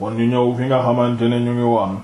kon ñu ñëw fi nga xamante ne ñu ngi woon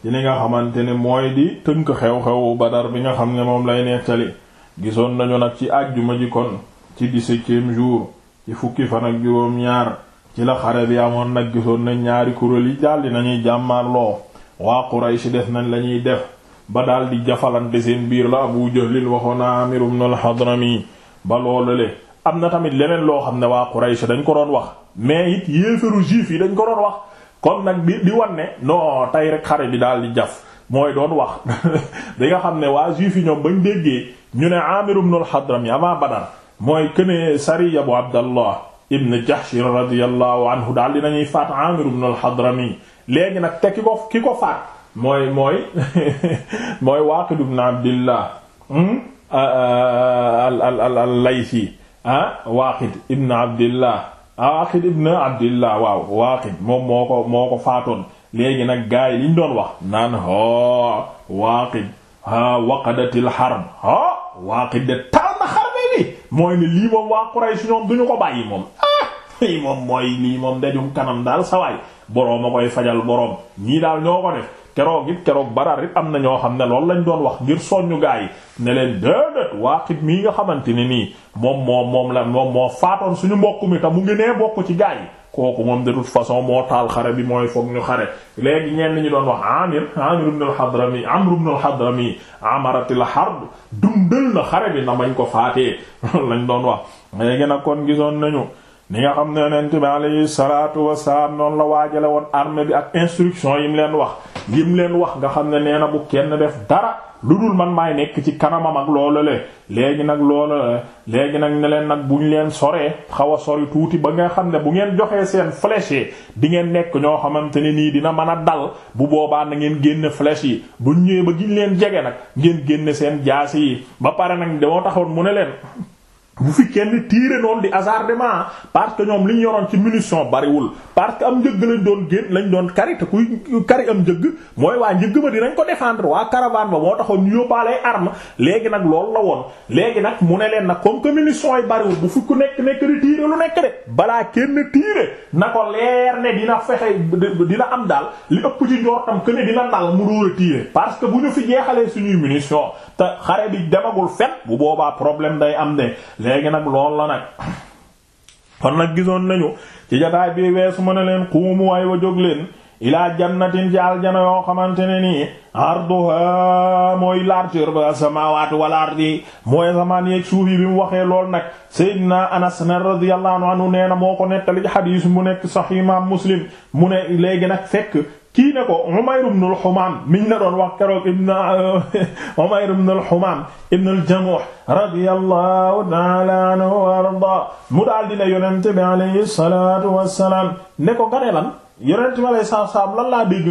ci li nga xamante ne mooy di tënk xew-xewu xew Badar bi nga xam ne moom lay nettali gisoon nañu nag ci àjjuma ji kon ci dix-septième jour ci fukki fan ak juróom ñaar ci la xare bi amoon nag gisoon nañ ñaari kuréel yi daldi nañuy jàmmarloo waa si def nañ lañuy def ba daldi jafalante seen biir la Abu Jahlil waxoon na Amir ibn al-Hadrami ba loolale am na tamit leneen loo xam ne waa Quraysh dañ ko doon wax mais it yéefaru dañ ko doon wax kon nag bi di wan ne non tey rek xare bi daal di jaf mooy doon wax di nga xam ne waa juif yi ñoom bañ déggee ñu ne Amir ibn al-Hadrami Badar mooy këne sariya bu Abdallah ibn Jahsh radiyallahu anhu daal di nañuy faat Amir ibn al-Hadrami léegi nag te ki ko ki ko faat mooy mooy mooy Waaqid ibn Abdillah hmm? ah Waaqid ibn Abdillah Waaqid ibn Abdillah waaw Waaqid moom moo ko moo ko faatoon léegi nag gaa yi liñ doon wax naan ha Waaqid ha waqadatil harb ha Waaqid de tar na xarbe bi mooy ne lii moom waa Quraysh ñoom duñu ko bàyyi moom ah lii moom mooy lii moom dajum kanam daal sawaay boroom a koy fajal boroom ñii daal ñoo ko def keroog it keroog badar it am na ñoo xam ne lool lañ doon wax ngir soññu gaa yi ne leen déedéet Waaqid mii nga xamante ne nii moom moo moom la moom moo faatoon suñu mbokk mi te mu ngi nee bokk ci gaa yi kooku moom de façon moo taal xare bi mooy foog ñu xare léegi ñenn ñu doon wax amir amir ibn al-Hadrami amr ibn al-Hadrami amaratil harb dundal na xare bi na mañ ko faatee lañ doon wax léegi nag kon gisoon nañu ni nga xam ne yonent bi alayhi salaatu wasalaam noonu la waajale woon armée bi ak instruction yim leen wax yim leen wax nga xam ne nee na bu kenn def dara lu dul man maay nekk ci kanamam ak loolu le léegi nag loolu le léegi nag ne leen nag bu ñu leen soree xaw a sori tuuti ba nga xam ne bu ngeen joxee seen flèche yi di ngeen nekk ñoo xamante ne nii dina mën a dal bu boobaa na ngeen génn flèche yi bu ñëwee ba giñ leen jege nag ngeen génn seen jaasi yi ba pare nag damoo taxoon mu ne leen bu fi kenn tiire noonu di hasardement parce que ñoom li ñu yoroon ci munition bariwul parce que am njëgg lañ doon génn lañ doon kari te kuy kari am njëgg mooy waa njëgg ba dinañ ko défendre waa caravane ba moo taxoon ñu yóbbaalee arme léegi nag loolu la woon léegi nag mu ne leen nag comme que munition yi bariwul bu fi ku nekk nekk di tiire lu nekk de balaa kenn tiire na ko leer ne dina fexe dina am daal li ëpp ci njortam que ne dina dal mu dóor a tiire que bu ñu fi jeexalee suñuy munition te xare bi demagul fen bu boobaa problème day am de léegi nag lool la nag kon nag gisoon nañu ci jataay bi weesu ma a leen xuumu waay wa jóg leen ilaa jannatin ci aljana yoo xamante ne nii arduha mooy largeur ba samawat wal ardi mooy asamaan yeeg suuf yi bi mu waxee lool nag Seydina Anas na radiyallahu anhu nee na moo ko nettali ci xadiis mu nekk Sahih Muslim mu ne léegi nag fekk kii ne ko Umayr ibn al-Humam miñ la doon wax keroog ibn Umayr ibn al-Humam ibn al-Jamuh radiyallahu ta'ala anhu wa mu daal dina yonent bi alayhi salatu wassalam ne ko gane lan yonent bi alayhi salatu wassalam lan laa dégg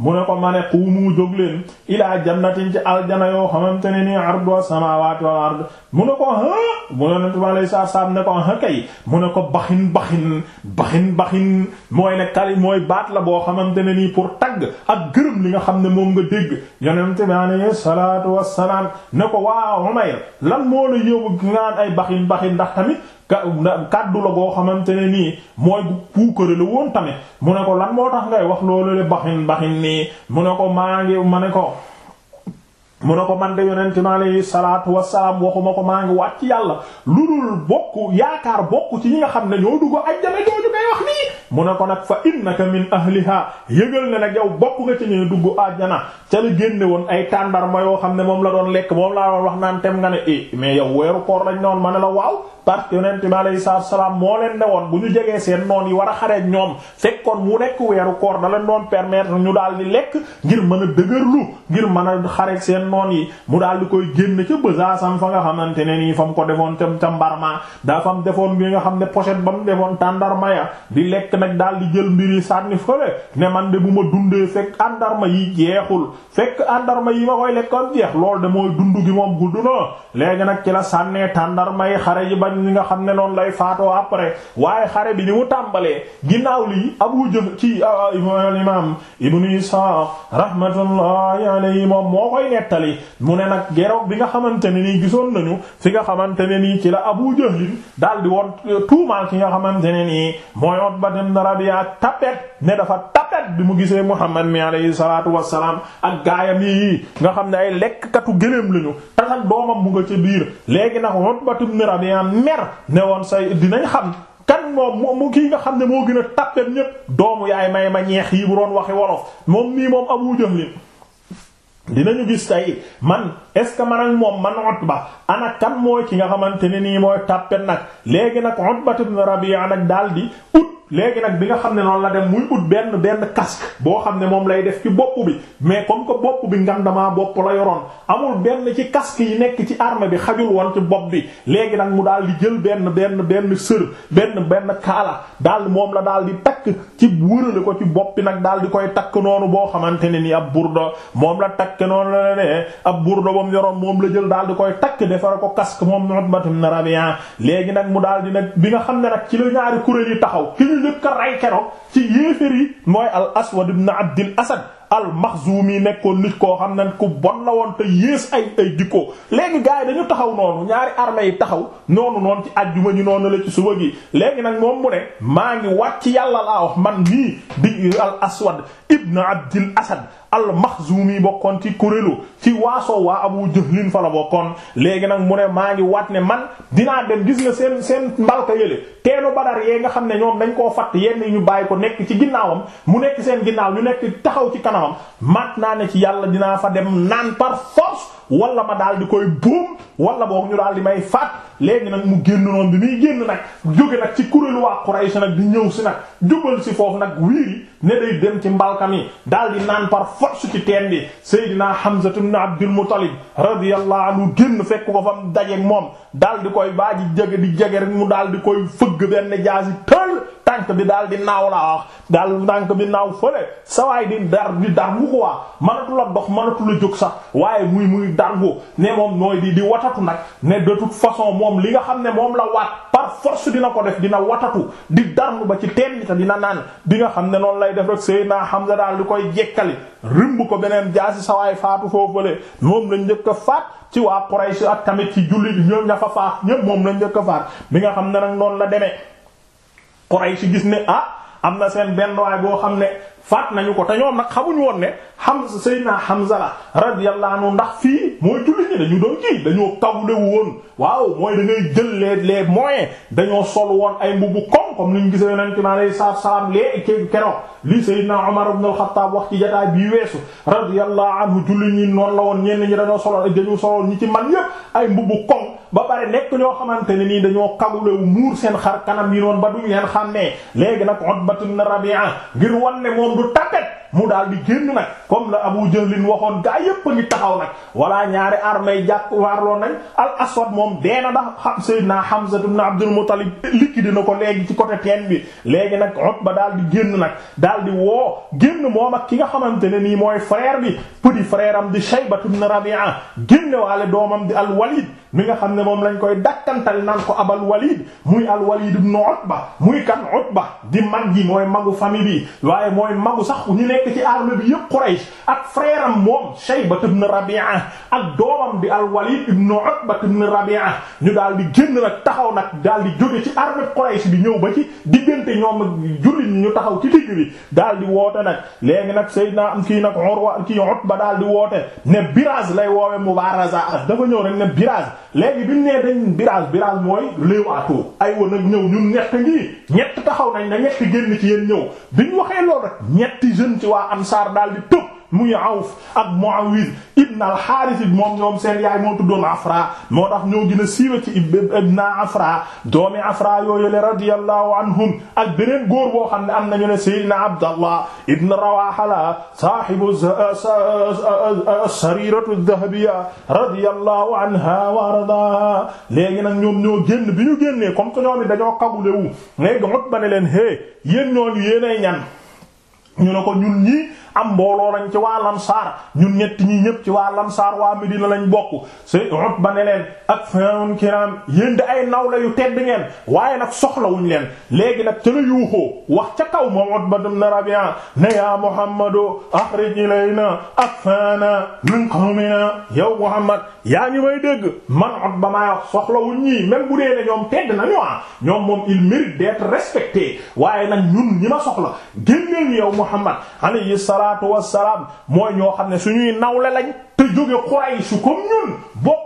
mu ne ko ma ne quumu jóg leen ilaa jannatin ci aljana yoo xamante ne nii ardu as-samaawaati wal mu ne ko ha mu ne yonent bi alayhi salaam ne ko ha kay mu ne ko baxin baxin baxin baxin mooy ne kali mooy baat la boo xamante ne nii pour tagg ak gërëm li nga xam ne moom nga dégg yonent bi alayhi salaatu wassalaam ne ko waa Umayr lan moo la yóbbu ngaan ay baxin baxin ndax tamit kàddu la goo xamante ne nii mooy puukare la woon tamit mu ne ko lan moo tax ngay wax loolu le baxin baxin nii mu ne ko maa ngi ma ne ko mu ne ko man de yonent mi alayhi salaatu wassalaam waxuma ko maa ngi wàcc yàlla lu dul bokk yaakaar bokku ci ñi nga xam ne ñoo dugg ajjana jooju ngay wax nii mu ne ko nag fa innaka min ahliha yëgal ne nag yow bokk nga ci ñi dugg ajjana ca la génne woon ay tàndarma yoo xam ne moom la doon lekk moom laa doon wax naan tem nga ne eh mais yow weeru koor lañ noon ma ne la waaw parce que yonent mi alayhi salaatu wassalaam moo leen ne woon bu ñu jegee seen noon yi war a xareek ñoom fekkoon mu nekk weeru koor da leen doon permettre ñu daal di lekk ngir mën a dëgërlu ngir mën a xareek noon yi mu daal di koy génn ca bësaasam fa nga xamante ne nii fa mu ko defoon tam ca mbarma daa fa mu defoon bi nga xam ne pochette ba mu defoon tàndarma ya di lekk nag daal di jël mbir yi sànni fële ne man de bu ma dundee fekk àndarma yi jeexul fekk àndarma yi ma koy lekkoon jeex loolu de mooy dund gi moom gudd na léegi nag ci la sànnee tàndarma yi xare yi bañ li nga xam ne noonu lay faatoo après waaye xare bi ni mu tàmbalee ginaaw lii abu jëm ci ah, imam ibnu isaaq rahmatullahi alayhi nettali mu ne nag geroog bi nga xamante ne nii gisoon nañu fi nga xamante ne nii ci la Abu Jahl daal di woon euh, tuumaal ki nga xamante ne nii mooy Utba ibn Rabi'a tapet ne dafa tapet bi mu gisee Muhammad mi alayhi salaatu wassalaam ak gaayam yi nga xam ne ay lekkatu gëléem lañu te nag doomam mu nga ca biir léegi nag Utba ibn Rabi'a mer ne woon say dinañ xam kan moom mu kii nga xam ne moo gën a tapet ñépp doomu yaay may ma ñeex yii bu doon waxi wolof dinañu gis say man est ce que man ak moom man Utba ana kan mooy ki nga xamante ne nii mooy tàppe nag léegi nag Utba ibn Rabi'a nag daal di ut léegi nag bi nga xam ne noonu la dem muy ut benn benn casque boo xam ne moom lay def ci bopp bi mais comme que bopp bi ngandamaa bopp la yoroon amul benn ci casque yi nekk ci arme bi xajul woon ci bopp bi léegi nag mu daal di jël benn benn benn sër benn benn kaala daal moom la daal di takk ci wërale ko ci bopp bi nag daal di koy takk noonu boo xamante ne ni ab burdo moom la takk noonu la ne ab burdo ba mu yoroon moom la jël daal di koy takk defar ko casque moom Utbatu ibn Rabi'a léegi nag mu daal di ne bi nga xam ne nag ci la ñaari kuréel yi taxaw njëkk a rey keroog ci yéeféer yi mooy al aswad ibn abdil asad al-Maxzumi nekkoon nit koo xam ne ku bon na woon te yées ay ay léegi gars yi dañu taxaw noonu ñaari armée yi taxaw noonu noonu ci àjjuma ñu noonu la ci suba gi léegi nag moom mu ne maa ngi wàcc yàlla laa man nii di al aswad ibn abdil asad al maxzumi bokkoon ci kurélu ci waasoo waa abu jahlin fa la bokkoon léegi nag mu ne maa ngi waat ne man dinaa dem gis nga seen seen mbalka yële teenu badar yee nga xam ne ñoom dañ koo fatt yenn ñu bàyyi ko nekk ci ginnaawam mu nekk seen ginnaaw ñu nekk taxaw ci kanam kanamam mat naa ne ci yàlla dinaa fa dem naan par force wala ma daal di koy buum wala boog ñu daal di may faat léegi nag mu génn noonu bi muy génn nag jóge nag ci kuréelu waa Quraysh nag di ñëw si nag jubal si foofu nag wiiri ne day dem ci mbalkam yi daal di naan par force ci teen bi Seydina Hamza ibn Abdul Muttalib radiyallahu anhu génn fekk ko fa mu moom daal di koy baaji jege di jege rek mu daal di koy fëgg benn jaasi tël tànk bi daal di naaw laa wax daal tànk bi naaw fële sawaay di dar di dar mu ko waa mënatu la dox mënatu la jóg sax waaye darhu ne moom mooy di di watatu nag ne de toute façon moom li nga xam ne moom la waat par force dina ko def dina watatu di darnu ba ci teen dina naan bi nga xam ne noonu lay def rek xam Hamza daal di koy jekkali rimb ko beneen jaasi sawaay faatu foofale moom lañ njëkk a faat ci waa Quraysh ak tamit ci jullit ñoom ña fa faat ñépp moom lañ njëkk faat bi nga xam ne nag noonu la demee Quraysh gis ne ah am na seen benn waay boo xam ne faat nañu ko te ñoom nag xamuñu woon ne Hamza Seydina Hamza la radiyallahu anhu ndax fii mooy jullit ñi dañu doon kii dañoo kawlewu woon waaw mooy da ngay jël les les moyens dañoo sol woon ay mbubu koŋ comme ni ñu gisee yonent mi alayhi salaatu salaam lee keroog li Seydina Umar ibn al-Khattab wax ci jotaay bii weesu radiyallahu anhu jullit ñi noonu la woon ñenn ñi dañoo soloon dañu soloon ñi ci man yépp ay mbubu koŋ ba pare nekk ñoo xamante ne nii dañoo kagulewu muur seen xar kanam yi noonu ba duñ leen xàmmee léegi nag Utbatu ibn Rabi'a ngir wan ne moom du tapet mu daal di génn nag comme la Abu Jahlin waxoon gaa yépp a taxaw nag walla ñaari armée jàkk waarloo nañ al aswad moom deena ndax xam sayyidina Hamza ibn Abdul Muttalib liquide na ko léegi ci côté bi léegi nag Utba daal di génn nag daal di woo génn moo ak ki nga xamante ne nii mooy frère bi petit frère am di Shaybat ibn Rabi'a génne waale doomam di al Walid mi nga xam ne moom lañ koy dakkantal naan ko abal walid muy al walid ibn utba muy kan utba di mag gi mooy magu famille bi waaye mooy magu sax ñu nekk ci armée bi yëpp quraish ak frère am moom shayba ibn rabi'a ak doomam bi al walid ibn utba ibn rabi'a ñu daal di génn nag taxaw nag daal di jóge ci armée quraish bi ñëw ba ci diggante ñoom ak jullit ñu taxaw ci digg bi daal di woote nag léegi nag sayyidna am kii nag urwa kii utba daal di woote ne biraz lay woowe mubaraza dafa ñëw rek ne biraz léegi bi ñu nee dañ birage birage mooy léewaatoo ay wa nag ñëw ñun ñett ngi ñett taxaw nañ na ñett génn ci yéen ñëw bi ñu waxee loolu rek ñetti jeune ci waa ansaar daal di tëb muy Awf ak Muawiz ibn al-Harith moom ñoom seen yaay moo tuddoon Afra moo tax ñoo gën a siiwe ci ibn Afra doomi Afra yooyu le radiyallahu anhum beneen góor boo xam ne am nañu ne Sayyidina Abdallah ibn Rawaha la sahibu sariratu dhahabiyya radiyallahu anha wa ardaha léegi nag ñoom ñoo génn bi ñu génnee comme que ñoom it dañoo kagulewu léegi mot ba ne leen hé yéen ñooñu yéenay ñan ñu ne ko ñun ñii am mbooloo lañ ci waa Lamsaar ñun ñett ñi ñëpp ci waa Lamsaar waa Medina lañ bokk say Utba ne leen ak faun kiram yéen di ay nawle yu tedd ngeen waaye nag soxlawuñ leen léegi nag ca la yuuxoo wax ca kaw moom Utba ibn Rabi'a ne yaa na akhrij ilayna akfana min qawmina yow Muhammad yaa ngi may dégg man Utba maa wax soxlawuñ ñii même bu dee ne ñoom tedd nañu ah ñoom moom il mérite d'être respecté waaye nag ñun ñi ma soxla génneel yow Muhammad alayhi salaatu wassalaam mooy ñoo xam ne suñuy nawle lañ te jóge Quraysh comme ñun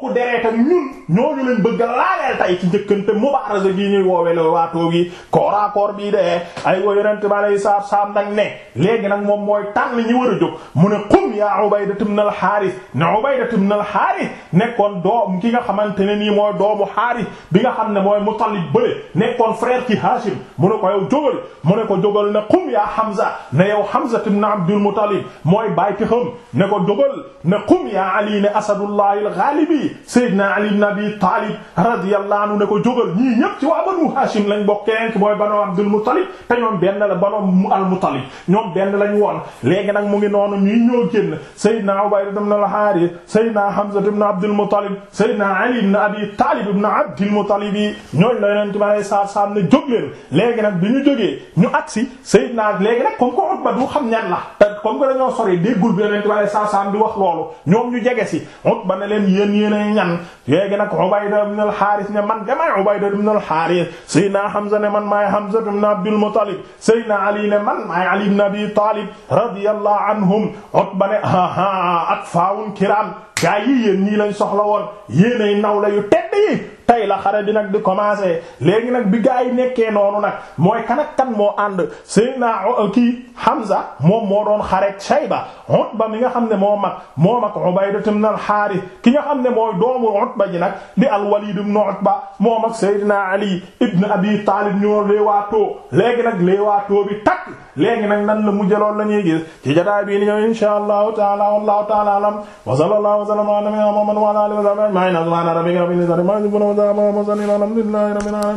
mbokk deretam ñun ñooñu leen bëgg a laaleel tay ci njëkkante mubaaraza gi ñuy woowee la waatoo gi kooraakoor bii de ay wa yonente bi aleyi salaatu salaam nag ne léegi nag moom mooy tànn ñi war a jóg mu ne qum yaa Ubayda ibn al-Haaris ne Ubayda ibn al-Haaris nekkoon doom ki nga xamante ne nii mooy doomu Haaris bi nga xam ne mooy Mutallib bële nekkoon frère ci Haashim mu ne ko yow jógal mu ne ko jógal ne qum yaa Hamza ne yow Hamza ibn Abdul Muttalib mooy baay ki xam ne ko jógal ne qum yaa Ali ne Asadullahi al-Ghaalibi Ali Seydina Ali ibn Abi Talib radiyallahu anhu ne ko jógal ñii ñépp ci waa Banu Hashim lañ bokk keneen ki mooy Banu Abdul Muttalib te ñoom benn la Banu al Muttalib ñoom benn lañ woon léegi nag mu ngi noonu ñuy ñoo génn Seydina Ubayda ibn al Harith Seydina Hamza ibn Abdul Muttalib Seydina Ali ibn Abi Talib ibn Abdul Muttalib yi ñooñ la yonent bi alayhi salaatu salaam ne jóg leen léegi nag bi ñu jógee ñu agsi Seydina léegi nag comme ko Utba du xam ñan la que dañoo sori déggul bi yonent bi alayhi salaatu lay ñan léegi nag Ubayda ibn al-Harith ne man damay Ubayda ibn al-Harith Seydina Hamza ne man maay Hamza ibn Abdul Muttalib Seydina Ali ne man maay Ali ibn Abi Talib radiyallahu anhum Utba ne ak faawun kiram gaa yi yéen ñii lañ soxla woon yéenay naw la yu tedd yi tey la xare bi nag di commencer léegi nag bi gaa yi nekkee noonu nag mooy kan ak kan moo ànd Seydina euh, kii Hamza moom moo doon xareek Shayba Utba mi nga xam ne moo mag moo mag Ubayda ibn al-Harith ki nga xam ne mooy doomu Utba ji nag di al-Walid ibn Utba moo mag Seydina Ali ibn Abi Talib ñoo leewaatoo léegi nag leewaatoo bi takk léegi nag nan la mujjee loolu la ñuy gis ci jotaay bii ni ñëw insha Allahu ta'ala wallahu ta'ala alam wa sallallahu wa sallama ala nabiyyina Muhammad wa ala alihi wa sahbihi ajma'in wa